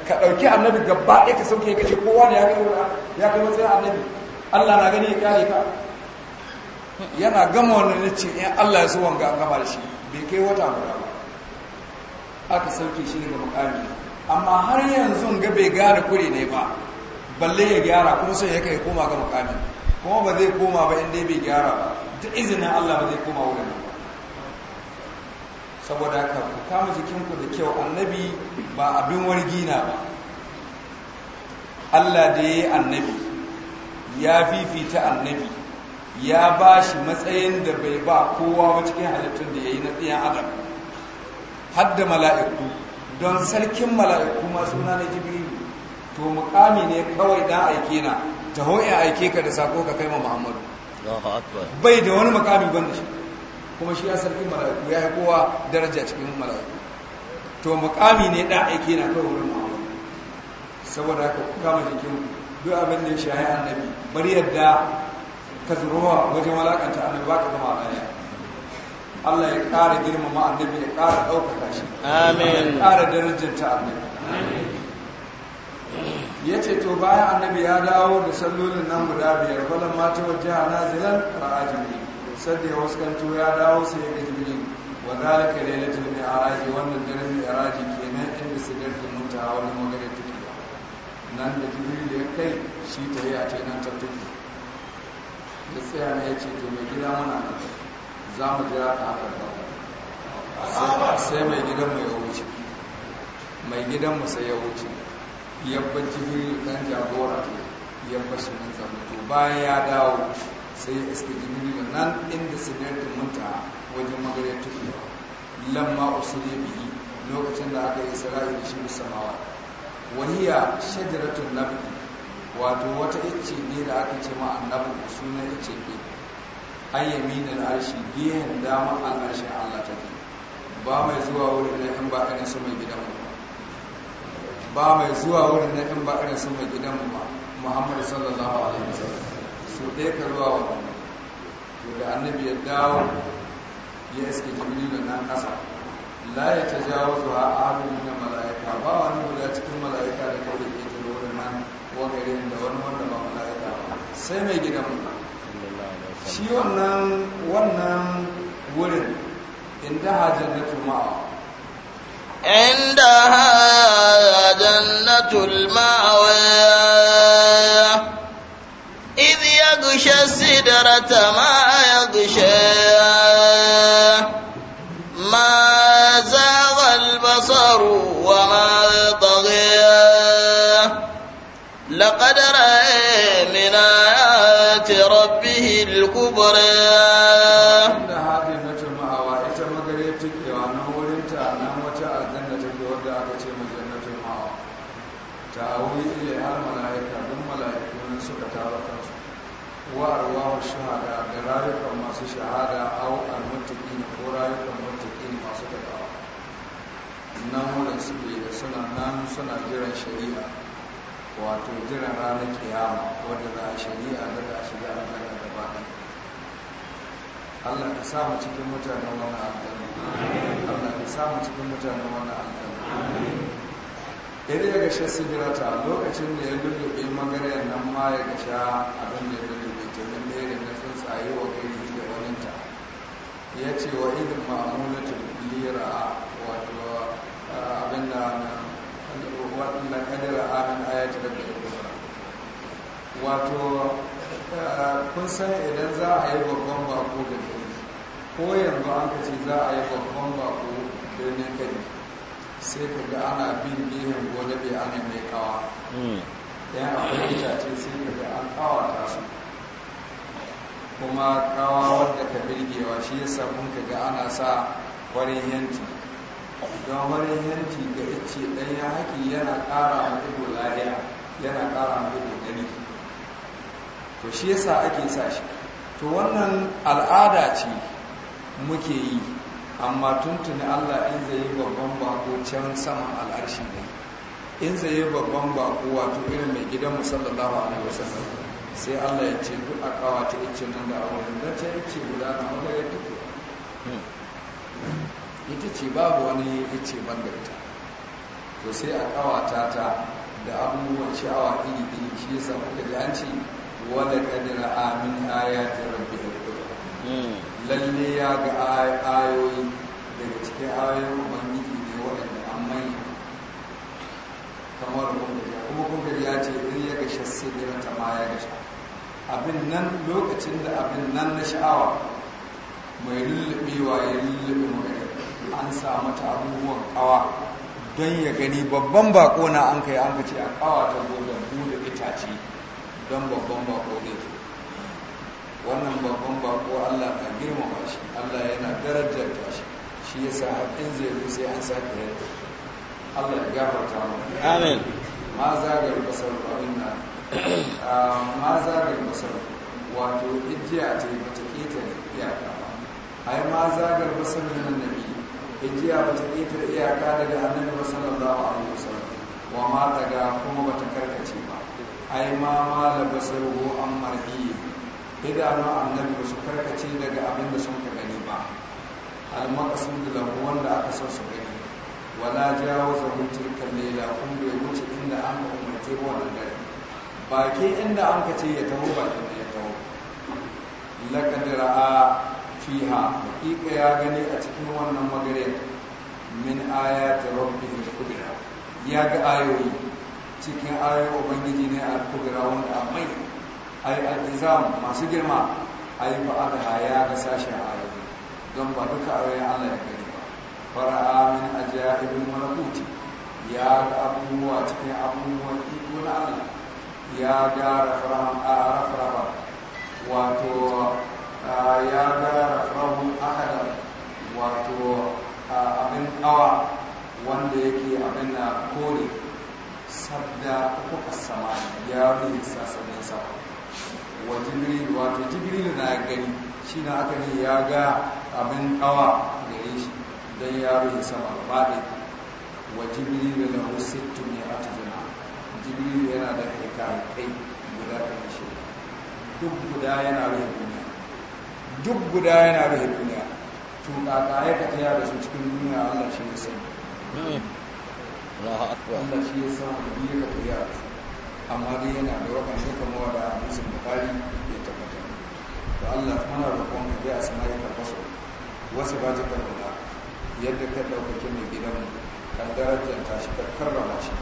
ka ɗauki annabi gaba ɗaya ka sauke ka ce kowa ne ya kai matsayin annabi Allah na gani ya kare ka yana gama wannan na ce in eh, Allah ya so wanga an gama da shi bai kai wata guda ba aka sauke shi daga mukami amma har yanzu ga bai gane kure ne ba balle ya gyara kuma sai ya kai koma ga mukami kuma ba zai koma ba inda bai gyara ba izinin Allah ba zai koma wurin ba saboda haka ku kama jikinku da kyau annabi ba abin wargina ba Allah da ya yi annabi ya fifita annabi ya ba shi matsayin da bai ba kowa ba cikin halittun da ya yi na tsayin adam har mala'iku don sarkin mala'iku ma suna na jibril to mukami ne kawai dan aike na ta in aike ka da sako ka kai ma muhammadu bai da wani mukami ban da shi kuma shi ya sarki mala'iku ya yi kowa daraja cikin mala'iku to mukami ne dan aike na kawai wurin muhammadu saboda haka kama jikin duk abin da ya shahi annabi bari yadda ka zuruwa wajen walakanta annabi ba ka zama a Allah ya ƙara girmama annabi ya ƙara ɗaukaka shi. Amin. Ya ƙara ta annabi. Amin. ya ce to bayan annabi ya dawo da sallolin nan guda biyar falon mata wajen a nazilan ra'a jini sadda ya waskanto ya dawo sai ya ga jibril wa zalika a mi'raj wannan daren mi'raj kenan inda mutu a wani magana tafi nan da da ya kai shi ta yi a ce nan tafi da tsaya na ya ce to mai gida muna za mu jira ka haka ba sai mai gidan mu ya wuce mai gidan mu sai ya wuce yabba jibril dan jagora yabba sunan to bayan ya dawo sai iska da nan inda sidirin munta wajen magariyar tukuwa lamma usuli biyi lokacin da aka yi sarari da shi musamawa wahiya shajaratun nabi wato wata icce ne da aka ce ma annabi sunan icce ne an yi arshi gehen dama arshi allah take ba mai zuwa wurin na in ba ɗanin su mai gidan mu ba mai zuwa wurin na in ba irin su mai gidan muhammadu sallallahu alaihi wasallam su ɗaya ka zuwa wannan to da annabi ya dawo ya iske da nan ƙasa la ya ta jawo zuwa ahadu na mala'ika ba wani guda cikin mala'ika da kawai ke jiro wurin nan wagarin da wani wanda ba mala'ika sai mai gidan shi wannan wannan wurin inda da tumawa عندها جنة المأوى إذ يغشى السدرة ما يغشى ما زاغ البصر وما طغى لقد رأى من آيات ربه الكبرى shahada au almuttaqin ko rayukan muttaqin masu takawa nan wurin su da suna nan suna jiran shari'a wato jiran ranar kiyama wadda za a shari'a da za a shiga aljanna gaba ɗaya Allah ka samu cikin mutanen wannan aljanna Allah ka samu cikin mutanen wannan aljanna yadda ya gashe sigirata lokacin da ya lullube magariyar nan ma ya gasha abin da ya lullube ta lullere na tsuntsaye wa kai ya ce wa idin ma'amulatun lira wato abin da waɗanda kadira amin ayatun da bai wato kun san idan za a yi babban bako da kai ko yanzu an ka ce za a yi babban bako birnin kai sai ka ga ana bin gehen gobe ana mai kawa hmm. yan akwai itace sai ka ga an kawata su kuma kawa wadda ka birgewa shi yasa mun ka ga ana sa wani yanci don wani yanci ga ice ɗan ya haƙi yana ƙara wa ido lahiya yana ƙara wa ido gani to shi yasa ake sa shi to wannan al'ada ce muke yi amma tuntuni allah in zai yi babban bako can saman al'arshi ne in zai yi babban bako wato irin mai gidan musallallahu alaihi wasallam sai Allah ya ce duk a ta ice nan da abu da ta ice guda na wanda ya duku ita ce babu wani ice banda ita to sai a kawata ta da abubuwan sha'awa iri iri shi yasa da ji an ce wanda kadira amin ta rabbi da lalle ya ga ayoyi daga cikin ayoyin ubangiji ne waɗanda an mai kamar kuma kuma kuma ya ce in ya shassi sai ta ma ya gashe abin nan lokacin da abin nan na sha'awa mai lullubewa ya lullube mai an samu ta abubuwan kawa don ya gani babban bako na an kai an kace a kawa ta gogon bude itace don babban bako ne wannan babban bako Allah ka girmama shi Allah yana darajar ta shi shi yasa haƙin zai sai an sake yadda Allah ya gafarta mu amin ma zagar basar abin nan ma zagar masar wato ijiya ce ba ta ƙetare iyaka ba ai ma zagar masar nan da bi ijiya ba ta ƙetare iyaka daga annabi ba a alaihi wasallam wa ma daga kuma bata karkace ba ai ma ma la basaru an marhi idanu annabi ba su karkace daga abin da sun ka gani ba al da lambu wanda aka so su gani wala jawaza tilka layla kun bai wuce inda an umarce wannan dare baki inda an ka ce ya taho bakin da ya taho laƙadira a fiha haƙiƙa ya gani a cikin wannan magarin min aya ta rabbi da kubira ya ga ayoyi cikin ayoyi ubangiji ne a kubira wanda a mai ai al'izam masu girma ai ba a haya ga sashen ayoyi don ba duka ayoyin allah ya gani ba fara'a min ajiya ibn malakuti ya ga abubuwa cikin abubuwan iko na allah ya ga rafrahun a rafrafa wato ya ga rafrahun akadar wato abin awa wanda yake abin na kore sabda kuka sama ya rufe sassanin sama wa jibril wato jibril na gani shi na aka ne ya ga abin da ya shi don ya rufe sama ba da wa jibril na rusittu ne a tujina jibrilu yana da kai kai guda kan shi duk guda yana rufe duniya duk guda yana rufe duniya to kaka ya ka tayar da su cikin duniya Allah shi ya sani Allah shi ya san wani ya ka tayar da su amma dai yana da wakan shi kamar da musulun bukari ya tabbata to Allah mana roƙon ka bi asma'i ka su wasu ba jikar da yadda ka ɗaukakin mai gidanmu kan darajanta shi ka karrama shi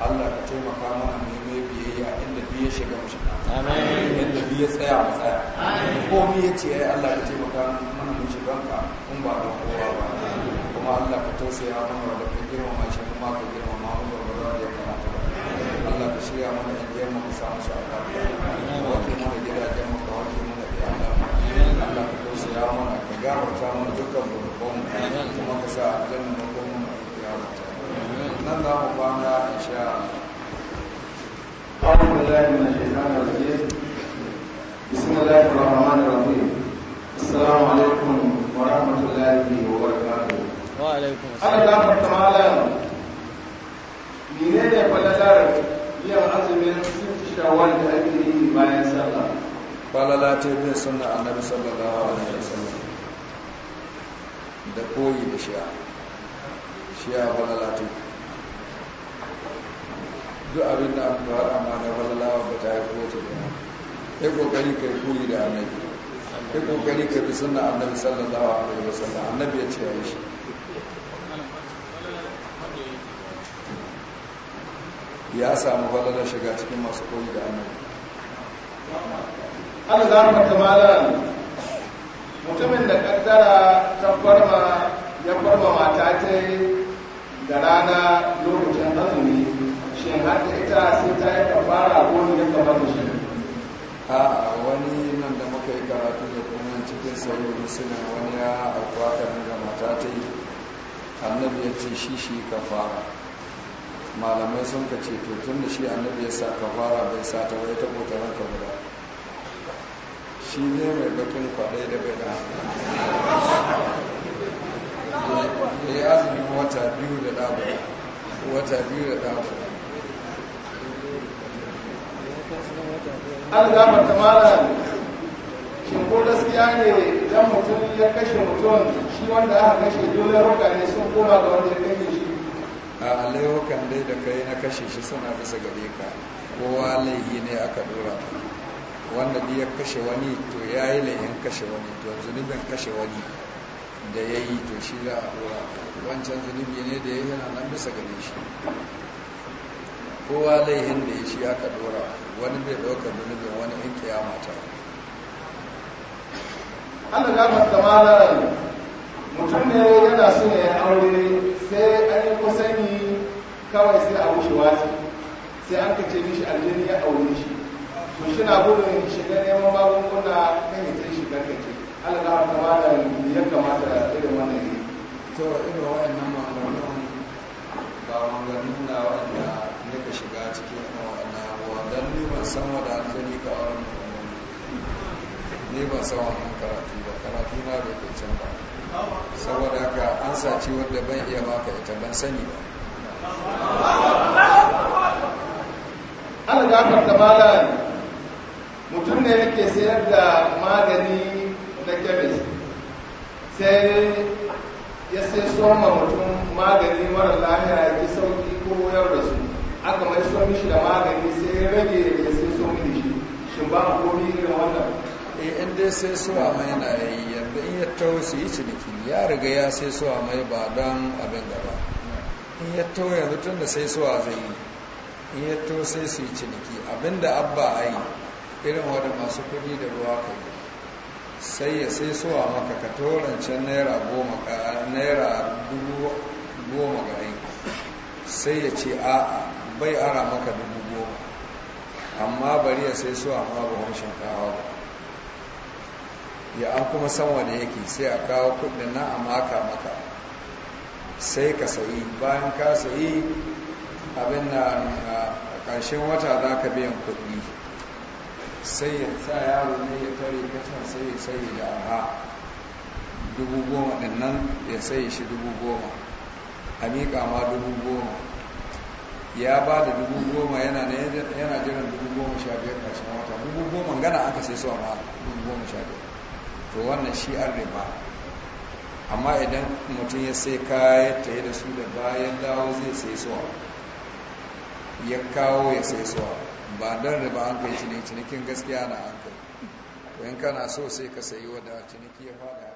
Allah ka taimaka mana mu mai biyayya inda biye shiga mu shiga inda biye tsaya mu tsaya ko mu yace ai Allah ka taimaka mana mu shiga ka kun ba da kowa ba kuma Allah ka tausaya mana da ka girmama shi kuma ka ma mu da ba da kamata ba Allah ka shirya mana indiyan mu mu samu su Allah wato mana da mu ka wato mana da Allah Allah ka tausaya mana ka gafarta mana dukkan mu kuma ka sa aljanna mu kuma mu nan za mu kwana insha Allah أعوذ بالله من الشيطان الرجيم بسم الله الرحمن الرحيم السلام عليكم ورحمة الله وبركاته وعليكم السلام أنا دعم التمالى من أين فلدار يوم أزمين ست شوال أبيه ما ينسلى قال لا تبين سنة النبي صلى الله عليه وسلم da koyi da shiya shiya falalatu duk abin da an fara ma na wallawa ba ta yi kowace gina ya kokari kai koyi da annabi ya kokari ka bi sunna annabi sallallahu alaihi sallam annabi ya ce ya shi ya samu falalar shiga cikin masu koyi da annabi an zama kama malam mutumin da kaddara ta farma ya farma mata ta da rana lokacin azumi shin har ita sai ta yi kafara ko ne ya kamata shi a wani nan da muka yi karatu da kuma cikin sayo suna wani ya abuwa karin da mata ta yi annabi ya ce shi shi kafara malamai sun ka ce to tun da shi annabi ya sa kafara bai sa ta wai ta kotarar ka guda shi ne mai bakin kwadai da bai da ya azumi wata biyu da ɗabuwa wata biyu da ɗabuwa an gama tamara shin ko gaskiya ne idan mutum ya kashe mutum shi wanda aka kashe dole roka ne sun koma ga wanda ya kashe shi a alaihukan dai da kai na kashe shi suna bisa gare ka kowa laihi ne aka dora wanda ya kashe wani to ya yi laihin kashe wani to zunubin kashe wani da ya yi to shi za a dora wancan zunubi ne da ya yi yana nan bisa gare shi kowa laihin da ya shi aka dora wani bai ɗauka zunubin wani in kiyama ta an da gafar tsamara mutum ne yana so ya aure sai an yi kusani kawai sai a wuce wata sai an kace mishi aljini ya aure shi to shi na gudun shiga neman magunguna kan yi sai shigar kake ana gafar da malaran ya kamata irin wannan ne to irin wa'annan ma'amalin ba maganganun na wa'anda ka shiga cikin irin waɗannan abubuwa don neman sama da wanda an zani ka wani ne ban san wannan karatu ba karatu na da ke can ba saboda haka an sace wadda ban iya maka ita ban sani ba ana gafar da malam mutum ne yake sayar da magani na kemis sai ya sai soma mutum magani mara lahiya ya ki sauki ko yau da su aka mai so mishi da magani sai ya rage ya sai so mini shi shin ba a komi irin wannan eh in dai sai so a mai na yi yadda in ya taho su yi ciniki ya riga ya sai so a mai ba don abin da ba in ya taho yanzu tun da sai so a zai yi in ya taho sai su yi ciniki abin da abba a yi irin wadda masu kudi da ruwa ka yi sai ya sai so a maka ka torancen naira goma naira dubu goma ga sai ya ce a'a bai ara maka dubu goma amma bari ya sai su amma ba wani shinkawa ba ya an kuma san wanda yake sai a kawo kudin na a maka maka sai ka sayi bayan ka sayi abin na ƙarshen wata za ka biyan kudi sai ya sa yaro ne ya tare kacan sai ya sayi da arha dubu goma ɗin nan ya sayi shi dubu goma a miƙa ma dubu goma ya ba da dubu goma yana jiran dubu goma sha biyar ƙarshen wata dubu goma gana aka sai suwa ma dubu goma sha biyar to wannan shi an riba amma idan mutum ya sai kayan ta yi da su da bayan dawo zai sai suwa ya kawo ya sai suwa ba don riba an kai cinikin gaskiya na an kai in kana so sai ka sayi wadda ciniki ya fada